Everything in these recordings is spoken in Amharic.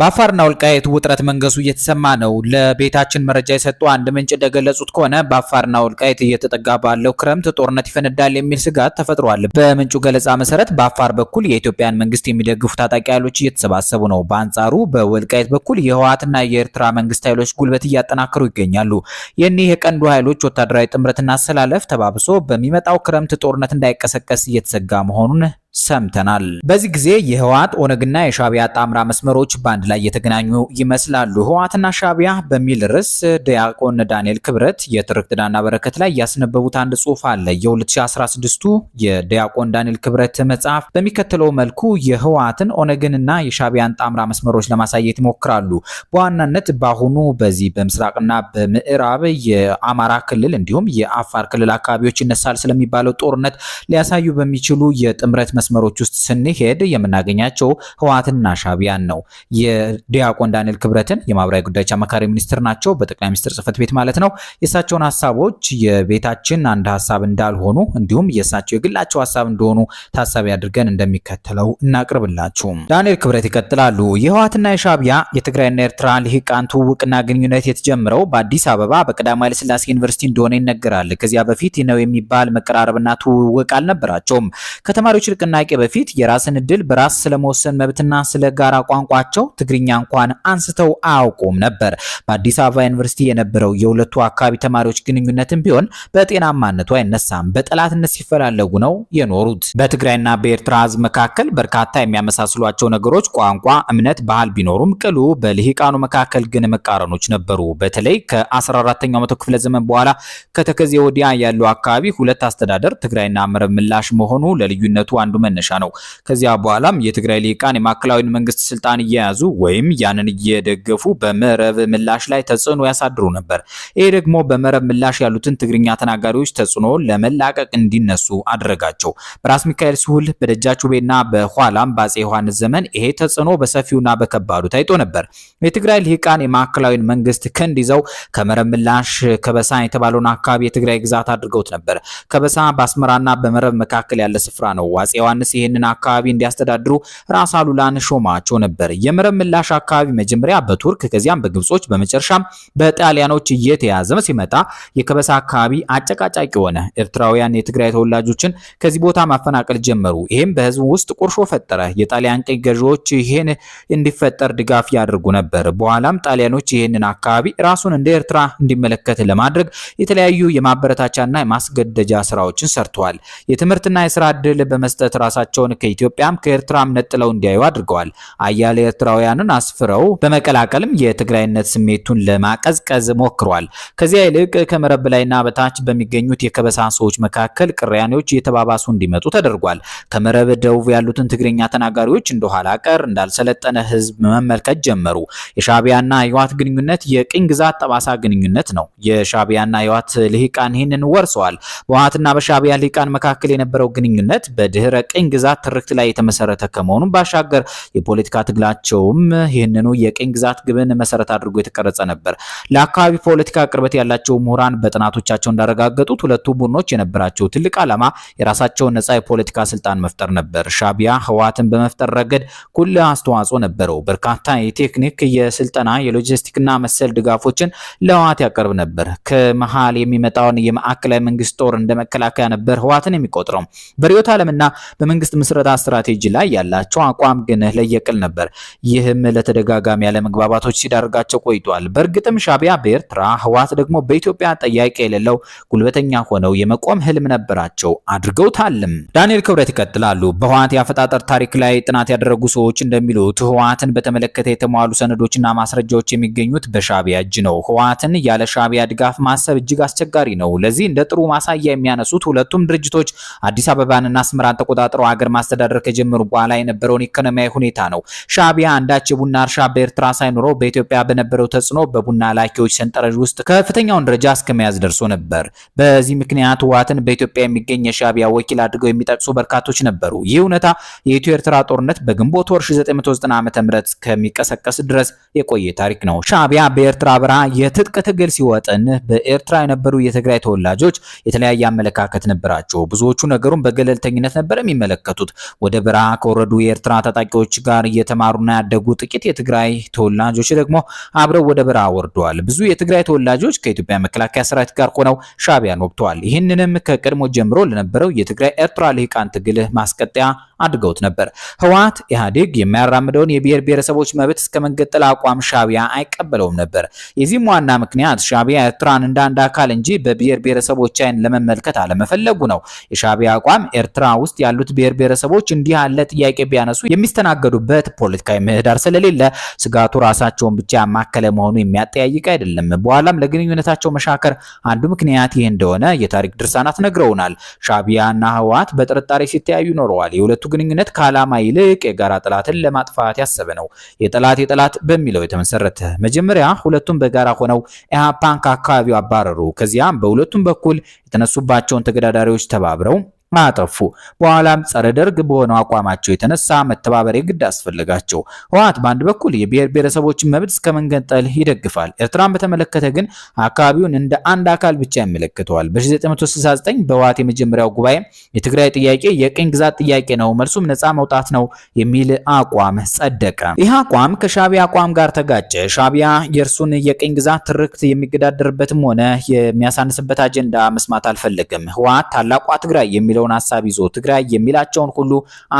በአፋርና ወልቃየት ውጥረት መንገሱ እየተሰማ ነው። ለቤታችን መረጃ የሰጡ አንድ ምንጭ እንደገለጹት ከሆነ በአፋርና ወልቃየት እየተጠጋ ባለው ክረምት ጦርነት ይፈነዳል የሚል ስጋት ተፈጥሯል። በምንጩ ገለጻ መሰረት በአፋር በኩል የኢትዮጵያን መንግስት የሚደግፉ ታጣቂ ኃይሎች እየተሰባሰቡ ነው። በአንጻሩ በወልቃየት በኩል የህወሓትና የኤርትራ መንግስት ኃይሎች ጉልበት እያጠናከሩ ይገኛሉ። የኒህ የቀንዱ ኃይሎች ወታደራዊ ጥምረትና አሰላለፍ ተባብሶ በሚመጣው ክረምት ጦርነት እንዳይቀሰቀስ እየተሰጋ መሆኑን ሰምተናል። በዚህ ጊዜ የህወሓት ኦነግና የሻቢያ ጣምራ መስመሮች በአንድ ላይ የተገናኙ ይመስላሉ። ህወሓትና ሻቢያ በሚል ርዕስ ዲያቆን ዳንኤል ክብረት የትርክ ጥዳና በረከት ላይ ያስነበቡት አንድ ጽሁፍ አለ። የ2016ቱ የዲያቆን ዳንኤል ክብረት መጽሐፍ በሚከተለው መልኩ የህወሓትን ኦነግንና የሻቢያን ጣምራ መስመሮች ለማሳየት ይሞክራሉ። በዋናነት በአሁኑ በዚህ በምስራቅና በምዕራብ የአማራ ክልል እንዲሁም የአፋር ክልል አካባቢዎች ይነሳል ስለሚባለው ጦርነት ሊያሳዩ በሚችሉ የጥምረት መስመሮች ውስጥ ስንሄድ የምናገኛቸው ህወሓትና ሻቢያን ነው። ዲያቆን ዳንኤል ክብረትን የማህበራዊ ጉዳዮች አማካሪ ሚኒስትር ናቸው፣ በጠቅላይ ሚኒስትር ጽህፈት ቤት ማለት ነው። የእሳቸውን ሀሳቦች የቤታችን አንድ ሀሳብ እንዳልሆኑ እንዲሁም የእሳቸው የግላቸው ሀሳብ እንደሆኑ ታሳቢ አድርገን እንደሚከተለው እናቅርብላችሁ። ዳንኤል ክብረት ይቀጥላሉ። የህወሓትና የሻዕቢያ የትግራይና ኤርትራ ልሂቃን ትውውቅና ግንኙነት የተጀመረው በአዲስ አበባ በቀዳማዊ ኃይለስላሴ ዩኒቨርሲቲ እንደሆነ ይነገራል። ከዚያ በፊት ነው የሚባል መቀራረብና ትውውቅ አልነበራቸውም። ከተማሪዎች ንቅናቄ በፊት የራስን እድል በራስ ስለመወሰን መብትና ስለ ጋራ ቋንቋቸው ትግርኛ እንኳን አንስተው አያውቁም ነበር። በአዲስ አበባ ዩኒቨርሲቲ የነበረው የሁለቱ አካባቢ ተማሪዎች ግንኙነትም ቢሆን በጤናማነቱ አይነሳም። በጠላትነት ሲፈላለጉ ነው የኖሩት። በትግራይና በኤርትራ ህዝብ መካከል በርካታ የሚያመሳስሏቸው ነገሮች ቋንቋ፣ እምነት፣ ባህል ቢኖሩም ቅሉ በልሂቃኑ መካከል ግን መቃረኖች ነበሩ። በተለይ ከ14ኛው መቶ ክፍለ ዘመን በኋላ ከተከዜ ወዲያ ያለው አካባቢ ሁለት አስተዳደር ትግራይና መረብ ምላሽ መሆኑ ለልዩነቱ አንዱ መነሻ ነው። ከዚያ በኋላም የትግራይ ልሂቃን የማዕከላዊን መንግስት ስልጣን እየያዙ ወይም ያንን እየደገፉ በመረብ ምላሽ ላይ ተጽዕኖ ያሳድሩ ነበር። ይሄ ደግሞ በመረብ ምላሽ ያሉትን ትግርኛ ተናጋሪዎች ተጽዕኖ ለመላቀቅ እንዲነሱ አደረጋቸው። በራስ ሚካኤል ስሁል በደጃችሁ ቤና በኋላም በአፄ ዮሐንስ ዘመን ይሄ ተጽዕኖ በሰፊውና በከባዱ ታይቶ ነበር። የትግራይ ልሂቃን የማዕከላዊን መንግስት ክንድ ይዘው ከመረብ ምላሽ ከበሳ የተባለውን አካባቢ የትግራይ ግዛት አድርገውት ነበር። ከበሳ በአስመራና በመረብ መካከል ያለ ስፍራ ነው። አፄ ዮሐንስ ይህንን አካባቢ እንዲያስተዳድሩ ራስ አሉላን ሾማቸው ነበር። የመረብ ምላሽ አካባቢ መጀመሪያ በቱርክ ከዚያም በግብጾች በመጨረሻም በጣሊያኖች እየተያዘ ሲመጣ የከበሳ አካባቢ አጨቃጫቂ ሆነ። ኤርትራውያን የትግራይ ተወላጆችን ከዚህ ቦታ ማፈናቀል ጀመሩ። ይህም በህዝቡ ውስጥ ቁርሾ ፈጠረ። የጣሊያን ቅኝ ገዢዎች ይህን እንዲፈጠር ድጋፍ ያደርጉ ነበር። በኋላም ጣሊያኖች ይህንን አካባቢ ራሱን እንደ ኤርትራ እንዲመለከት ለማድረግ የተለያዩ የማበረታቻና የማስገደጃ ስራዎችን ሰርተዋል። የትምህርትና የስራ ዕድል በመስጠት ራሳቸውን ከኢትዮጵያም ከኤርትራም ነጥለው እንዲያዩ አድርገዋል። አያሌ ኤርትራውያን ኤርትራውያንን አስፍረው በመቀላቀልም የትግራይነት ስሜቱን ለማቀዝቀዝ ሞክሯል። ከዚያ ይልቅ ከመረብ ላይና በታች በሚገኙት የከበሳ ሰዎች መካከል ቅራኔዎች እየተባባሱ እንዲመጡ ተደርጓል። ከመረብ ደቡብ ያሉትን ትግርኛ ተናጋሪዎች እንደኋላ ቀር እንዳልሰለጠነ ህዝብ መመልከት ጀመሩ። የሻቢያና ህዋት ግንኙነት የቅኝ ግዛት ጠባሳ ግንኙነት ነው። የሻቢያና ህዋት ልሂቃን ይህንን ወርሰዋል። በህወሓትና በሻቢያ ልሂቃን መካከል የነበረው ግንኙነት በድህረ ቅኝ ግዛት ትርክት ላይ የተመሰረተ ከመሆኑም ባሻገር የፖለቲካ ትግላቸውም ፊልሙም ይህንኑ የቅኝ ግዛት ግብን መሰረት አድርጎ የተቀረጸ ነበር። ለአካባቢ ፖለቲካ ቅርበት ያላቸው ምሁራን በጥናቶቻቸው እንዳረጋገጡት ሁለቱ ቡድኖች የነበራቸው ትልቅ ዓላማ የራሳቸውን ነጻ የፖለቲካ ስልጣን መፍጠር ነበር። ሻቢያ ህወሓትን በመፍጠር ረገድ ኩል አስተዋጽኦ ነበረው። በርካታ የቴክኒክ፣ የስልጠና፣ የሎጂስቲክና መሰል ድጋፎችን ለህወሓት ያቀርብ ነበር። ከመሃል የሚመጣውን የማዕከላዊ መንግስት ጦር እንደ መከላከያ ነበር ህወሓትን የሚቆጥረው። በርዕዮተ ዓለምና በመንግስት ምስረታ ስትራቴጂ ላይ ያላቸው አቋም ግን ለየቅል ነበር። ይህ ይህም ለተደጋጋሚ ያለመግባባቶች ሲዳርጋቸው ቆይቷል። በእርግጥም ሻቢያ በኤርትራ ህዋት ደግሞ በኢትዮጵያ ጠያቂ የሌለው ጉልበተኛ ሆነው የመቆም ህልም ነበራቸው፣ አድርገውታልም። ዳንኤል ክብረት ይቀጥላሉ። በህዋት የአፈጣጠር ታሪክ ላይ ጥናት ያደረጉ ሰዎች እንደሚሉት ህዋትን በተመለከተ የተሟሉ ሰነዶችና ማስረጃዎች የሚገኙት በሻቢያ እጅ ነው። ህዋትን ያለ ሻቢያ ድጋፍ ማሰብ እጅግ አስቸጋሪ ነው። ለዚህ እንደ ጥሩ ማሳያ የሚያነሱት ሁለቱም ድርጅቶች አዲስ አበባንና አስመራን ተቆጣጥረው ሀገር ማስተዳደር ከጀመሩ በኋላ የነበረውን ኢኮኖሚያዊ ሁኔታ ነው። ሻቢያ አንዳ የበታች የቡና እርሻ በኤርትራ ሳይኖረው በኢትዮጵያ በነበረው ተጽዕኖ በቡና ላኪዎች ሰንጠረዥ ውስጥ ከፍተኛውን ደረጃ እስከመያዝ መያዝ ደርሶ ነበር። በዚህ ምክንያት ህወሓትን በኢትዮጵያ የሚገኝ የሻቢያ ወኪል አድርገው የሚጠቅሱ በርካቶች ነበሩ። ይህ እውነታ የኢትዮ ኤርትራ ጦርነት በግንቦት ወር 1990 ዓ.ም ከሚቀሰቀስ ድረስ የቆየ ታሪክ ነው። ሻቢያ በኤርትራ በረሃ የትጥቅ ትግል ሲወጥን በኤርትራ የነበሩ የትግራይ ተወላጆች የተለያየ አመለካከት ነበራቸው። ብዙዎቹ ነገሩን በገለልተኝነት ነበር የሚመለከቱት። ወደ በረሃ ከወረዱ የኤርትራ ታጣቂዎች ጋር እየተማሩና ያደጉ ጥቂት የትግራይ ተወላጆች ደግሞ አብረው ወደ በረሃ ወርደዋል። ብዙ የትግራይ ተወላጆች ከኢትዮጵያ መከላከያ ሰራዊት ጋር ሆነው ሻቢያን ወቅተዋል። ይህንንም ከቀድሞ ጀምሮ ለነበረው የትግራይ ኤርትራ ልሂቃን ትግል ማስቀጠያ አድርገውት ነበር። ህወሓት ኢህአዴግ የሚያራምደውን የብሔር ብሔረሰቦች መብት እስከ መንገጠል አቋም ሻቢያ አይቀበለውም ነበር። የዚህም ዋና ምክንያት ሻቢያ ኤርትራን እንደ አንድ አካል እንጂ በብሔር ብሔረሰቦች አይን ለመመልከት አለመፈለጉ ነው። የሻቢያ አቋም ኤርትራ ውስጥ ያሉት ብሔር ብሔረሰቦች እንዲህ ያለ ጥያቄ ቢያነሱ የሚስተናገዱበት ፖለቲካዊ ምህዳር ትዳር ስለሌለ ስጋቱ ራሳቸውን ብቻ ያማከለ መሆኑ የሚያጠያይቅ አይደለም። በኋላም ለግንኙነታቸው መሻከር አንዱ ምክንያት ይህ እንደሆነ የታሪክ ድርሳናት ነግረውናል። ሻቢያና ህወሓት በጥርጣሬ ሲተያዩ ኖረዋል። የሁለቱ ግንኙነት ከዓላማ ይልቅ የጋራ ጠላትን ለማጥፋት ያሰበ ነው። የጠላት የጠላት በሚለው የተመሰረተ መጀመሪያ ሁለቱም በጋራ ሆነው ኢህአፓን ከአካባቢው አባረሩ። ከዚያም በሁለቱም በኩል የተነሱባቸውን ተገዳዳሪዎች ተባብረው አጠፉ። በኋላም ጸረ ደርግ በሆነው አቋማቸው የተነሳ መተባበር የግድ አስፈለጋቸው። ህወሓት በአንድ በኩል የብሔር ብሔረሰቦችን መብት እስከ መንገንጠል ይደግፋል። ኤርትራን በተመለከተ ግን አካባቢውን እንደ አንድ አካል ብቻ ይመለከተዋል። በ1969 በህወሓት የመጀመሪያው ጉባኤ የትግራይ ጥያቄ የቅኝ ግዛት ጥያቄ ነው፣ መልሱም ነፃ መውጣት ነው የሚል አቋም ጸደቀ። ይህ አቋም ከሻቢያ አቋም ጋር ተጋጨ። ሻቢያ የእርሱን የቅኝ ግዛት ትርክት የሚገዳደርበትም ሆነ የሚያሳንስበት አጀንዳ መስማት አልፈለገም። ህወሓት ታላቋ ትግራይ የሚለው የሚለውን ሀሳብ ይዞ ትግራይ የሚላቸውን ሁሉ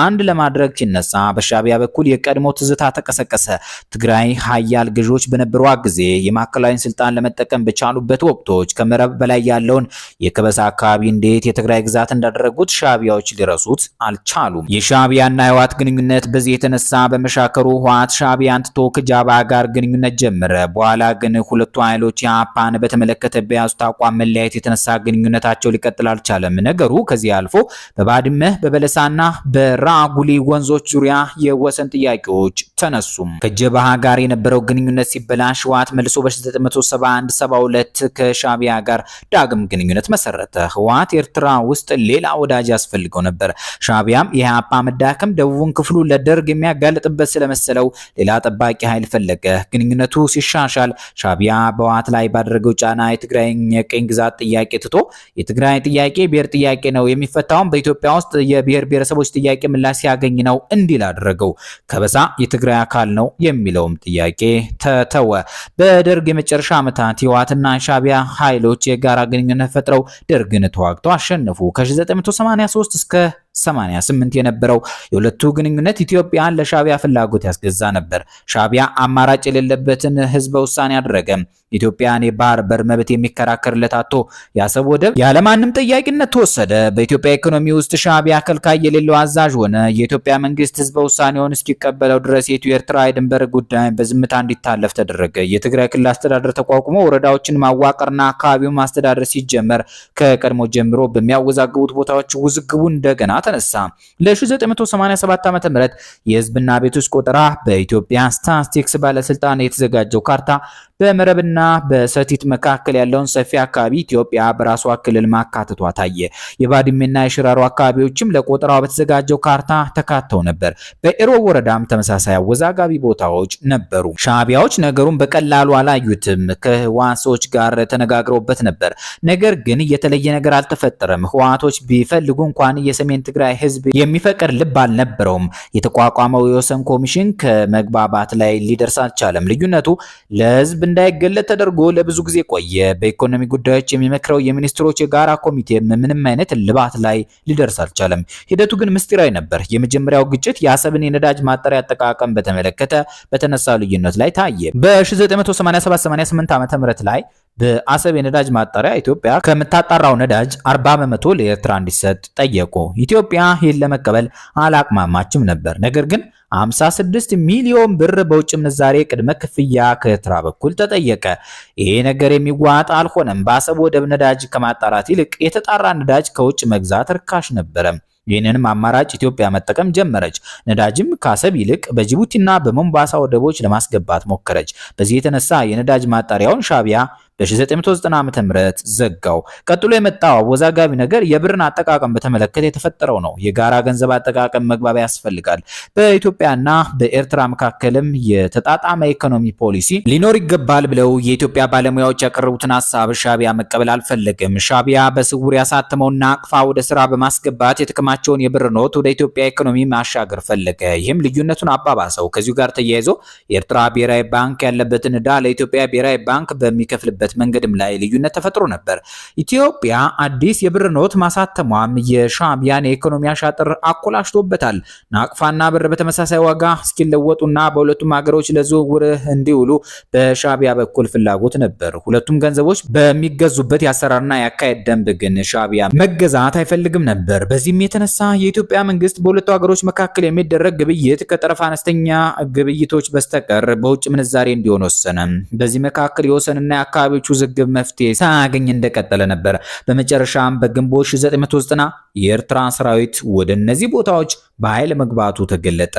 አንድ ለማድረግ ሲነሳ በሻቢያ በኩል የቀድሞ ትዝታ ተቀሰቀሰ። ትግራይ ሀያል ገዢዎች በነበሯ ጊዜ የማዕከላዊን ስልጣን ለመጠቀም በቻሉበት ወቅቶች ከመረብ በላይ ያለውን የከበሳ አካባቢ እንዴት የትግራይ ግዛት እንዳደረጉት ሻቢያዎች ሊረሱት አልቻሉም። የሻቢያና ህወሓት ግንኙነት በዚህ የተነሳ በመሻከሩ ህወሓት ሻቢያን ትቶ ከጃባ ጋር ግንኙነት ጀመረ። በኋላ ግን ሁለቱ ኃይሎች የአፓን በተመለከተ በያዙት አቋም መለያየት የተነሳ ግንኙነታቸው ሊቀጥል አልቻለም። ነገሩ ከዚህ አልፎ በባድመ በበለሳና በራጉሊ ወንዞች ዙሪያ የወሰን ጥያቄዎች ተነሱም። ከጀባሃ ጋር የነበረው ግንኙነት ሲበላሽ ህወሓት መልሶ በ1971 72 ከሻቢያ ጋር ዳግም ግንኙነት መሰረተ። ህወሓት ኤርትራ ውስጥ ሌላ ወዳጅ ያስፈልገው ነበር። ሻቢያም የኢህአፓ መዳከም ደቡቡን ክፍሉ ለደርግ የሚያጋልጥበት ስለመሰለው ሌላ ጠባቂ ኃይል ፈለገ። ግንኙነቱ ሲሻሻል ሻቢያ በህወሓት ላይ ባደረገው ጫና የትግራይን የቅኝ ግዛት ጥያቄ ትቶ የትግራይ ጥያቄ ብሔር ጥያቄ ነው የሚፈ የሚፈታውን በኢትዮጵያ ውስጥ የብሔር ብሔረሰቦች ጥያቄ ምላሽ ሲያገኝ ነው እንዲል አደረገው። ከበሳ የትግራይ አካል ነው የሚለውም ጥያቄ ተተወ። በደርግ የመጨረሻ ዓመታት ህወሓትና ሻቢያ ኃይሎች የጋራ ግንኙነት ፈጥረው ደርግን ተዋግተው አሸነፉ። ከ1983 እስከ 88 የነበረው የሁለቱ ግንኙነት ኢትዮጵያን ለሻቢያ ፍላጎት ያስገዛ ነበር። ሻቢያ አማራጭ የሌለበትን ህዝበ ውሳኔ አደረገ። ኢትዮጵያን የባህር በር መብት የሚከራከርለት አቶ የአሰብ ወደብ ያለማንም ጠያቂነት ተወሰደ። በኢትዮጵያ ኢኮኖሚ ውስጥ ሻዕቢያ አከልካይ የሌለው አዛዥ ሆነ። የኢትዮጵያ መንግስት ህዝበ ውሳኔውን እስኪቀበለው ድረስ የኢትዮ ኤርትራ የድንበር ጉዳይ በዝምታ እንዲታለፍ ተደረገ። የትግራይ ክልል አስተዳደር ተቋቁሞ ወረዳዎችን ማዋቀርና አካባቢውን ማስተዳደር ሲጀመር ከቀድሞ ጀምሮ በሚያወዛግቡት ቦታዎች ውዝግቡ እንደገና ተነሳ። ለ1987 .ምት የህዝብና ቤቶች ቆጠራ በኢትዮጵያ ስታስቲክስ ባለስልጣን የተዘጋጀው ካርታ በመረብና በሰቲት መካከል ያለውን ሰፊ አካባቢ ኢትዮጵያ በራሷ ክልል ማካተቷ ታየ። የባድሜና የሽራሮ አካባቢዎችም ለቆጠራው በተዘጋጀው ካርታ ተካተው ነበር። በኢሮብ ወረዳም ተመሳሳይ አወዛጋቢ ቦታዎች ነበሩ። ሻቢያዎች ነገሩን በቀላሉ አላዩትም። ከህወሓት ጋር ተነጋግረውበት ነበር። ነገር ግን የተለየ ነገር አልተፈጠረም። ህዋቶች ቢፈልጉ እንኳን የሰሜን ትግራይ ህዝብ የሚፈቅድ ልብ አልነበረውም። የተቋቋመው የወሰን ኮሚሽን ከመግባባት ላይ ሊደርስ አልቻለም። ልዩነቱ ለህዝብ እንዳይገለጥ ተደርጎ ለብዙ ጊዜ ቆየ። በኢኮኖሚ ጉዳዮች የሚመክረው የሚኒስትሮች የጋራ ኮሚቴ ምንም አይነት ልባት ላይ ሊደርስ አልቻለም። ሂደቱ ግን ምስጢራዊ ነበር። የመጀመሪያው ግጭት የአሰብን የነዳጅ ማጣሪያ አጠቃቀም በተመለከተ በተነሳ ልዩነት ላይ ታየ። በ1987/88 ዓ.ም ላይ በአሰብ የነዳጅ ማጣሪያ ኢትዮጵያ ከምታጣራው ነዳጅ 40 በመቶ ለኤርትራ እንዲሰጥ ጠየቁ። ኢትዮጵያ ይህን ለመቀበል አላቅማማችም ነበር። ነገር ግን 56 ሚሊዮን ብር በውጭ ምንዛሬ ቅድመ ክፍያ ከኤርትራ በኩል ተጠየቀ። ይሄ ነገር የሚዋጥ አልሆነም። በአሰብ ወደብ ነዳጅ ከማጣራት ይልቅ የተጣራ ነዳጅ ከውጭ መግዛት ርካሽ ነበረ። ይህንንም አማራጭ ኢትዮጵያ መጠቀም ጀመረች። ነዳጅም ከአሰብ ይልቅ በጅቡቲና በሞምባሳ ወደቦች ለማስገባት ሞከረች። በዚህ የተነሳ የነዳጅ ማጣሪያውን ሻቢያ። በ1990 ዓ.ም ዘጋው። ቀጥሎ የመጣው አወዛጋቢ ነገር የብርን አጠቃቀም በተመለከተ የተፈጠረው ነው። የጋራ ገንዘብ አጠቃቀም መግባቢያ ያስፈልጋል። በኢትዮጵያና በኤርትራ መካከልም የተጣጣመ ኢኮኖሚ ፖሊሲ ሊኖር ይገባል ብለው የኢትዮጵያ ባለሙያዎች ያቀረቡትን ሀሳብ ሻቢያ መቀበል አልፈለግም። ሻቢያ በስውር ያሳተመውና አቅፋ ወደ ስራ በማስገባት የጥቅማቸውን የብር ኖት ወደ ኢትዮጵያ ኢኮኖሚ ማሻገር ፈለገ። ይህም ልዩነቱን አባባሰው። ከዚሁ ጋር ተያይዞ የኤርትራ ብሔራዊ ባንክ ያለበትን እዳ ለኢትዮጵያ ብሔራዊ ባንክ በሚከፍልበት በሚያደርጉበት መንገድም ላይ ልዩነት ተፈጥሮ ነበር። ኢትዮጵያ አዲስ የብር ኖት ማሳተሟም የሻዕቢያን የኢኮኖሚ አሻጥር አኮላሽቶበታል። ናቅፋና ብር በተመሳሳይ ዋጋ እስኪለወጡና በሁለቱም ሀገሮች ለዝውውር እንዲውሉ በሻዕቢያ በኩል ፍላጎት ነበር። ሁለቱም ገንዘቦች በሚገዙበት የአሰራርና የአካሄድ ደንብ ግን ሻዕቢያ መገዛት አይፈልግም ነበር። በዚህም የተነሳ የኢትዮጵያ መንግስት በሁለቱ ሀገሮች መካከል የሚደረግ ግብይት ከጠረፍ አነስተኛ ግብይቶች በስተቀር በውጭ ምንዛሬ እንዲሆን ወሰነ። በዚህ መካከል የወሰንና የአካባቢ ለአንባቢዎች ውዝግብ መፍትሄ ሳያገኝ እንደቀጠለ ነበር በመጨረሻም በግንቦት 1990 የኤርትራ ሰራዊት ወደ እነዚህ ቦታዎች በኃይል መግባቱ ተገለጠ።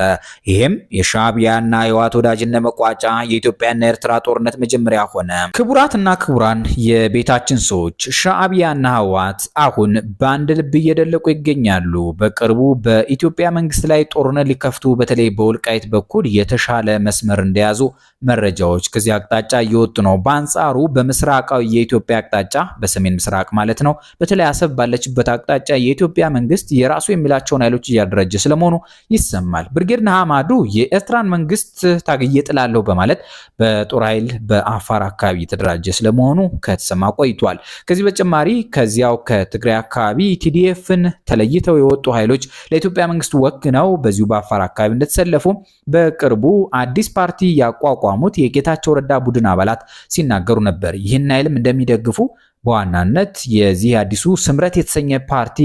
ይህም የሻቢያና የዋት ወዳጅነት መቋጫ፣ የኢትዮጵያና የኤርትራ ጦርነት መጀመሪያ ሆነ። ክቡራትና ክቡራን የቤታችን ሰዎች ሻቢያና ህዋት አሁን በአንድ ልብ እየደለቁ ይገኛሉ። በቅርቡ በኢትዮጵያ መንግስት ላይ ጦርነት ሊከፍቱ በተለይ በወልቃይት በኩል የተሻለ መስመር እንደያዙ መረጃዎች ከዚህ አቅጣጫ እየወጡ ነው። በአንጻሩ በምስራቃዊ የኢትዮጵያ አቅጣጫ በሰሜን ምስራቅ ማለት ነው፣ በተለይ አሰብ ባለችበት አቅጣጫ የኢትዮጵያ መንግስት የራሱ የሚላቸውን ኃይሎች እያደራጀ ስለመሆኑ ይሰማል። ብርጌድ ንሓመዱ የኤርትራን መንግስት ታግዬ ጥላለሁ በማለት በጦር ኃይል በአፋር አካባቢ የተደራጀ ስለመሆኑ ከተሰማ ቆይቷል። ከዚህ በተጨማሪ ከዚያው ከትግራይ አካባቢ ቲዲኤፍን ተለይተው የወጡ ኃይሎች ለኢትዮጵያ መንግስት ወግነው በዚሁ በአፋር አካባቢ እንደተሰለፉ በቅርቡ አዲስ ፓርቲ ያቋቋሙት የጌታቸው ረዳ ቡድን አባላት ሲናገሩ ነበር። ይህን ኃይልም እንደሚደግፉ በዋናነት የዚህ አዲሱ ስምረት የተሰኘ ፓርቲ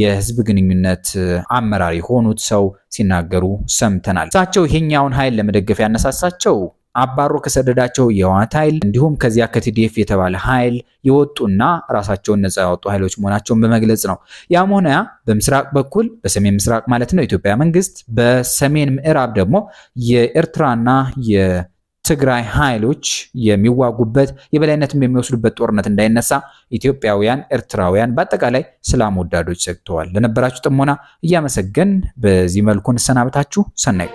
የህዝብ ግንኙነት አመራር የሆኑት ሰው ሲናገሩ ሰምተናል። እሳቸው ይሄኛውን ኃይል ለመደገፍ ያነሳሳቸው አባሮ ከሰደዳቸው የህወሓት ኃይል እንዲሁም ከዚያ ከቲዲኤፍ የተባለ ኃይል የወጡና ራሳቸውን ነጻ ያወጡ ኃይሎች መሆናቸውን በመግለጽ ነው። ያም ሆነ ያ በምስራቅ በኩል በሰሜን ምስራቅ ማለት ነው የኢትዮጵያ መንግስት፣ በሰሜን ምዕራብ ደግሞ የኤርትራና ትግራይ ኃይሎች የሚዋጉበት የበላይነትም የሚወስዱበት ጦርነት እንዳይነሳ ኢትዮጵያውያን፣ ኤርትራውያን በአጠቃላይ ሰላም ወዳዶች ሰግተዋል። ለነበራችሁ ጥሞና እያመሰገን በዚህ መልኩ እንሰናበታችሁ። ሰናይ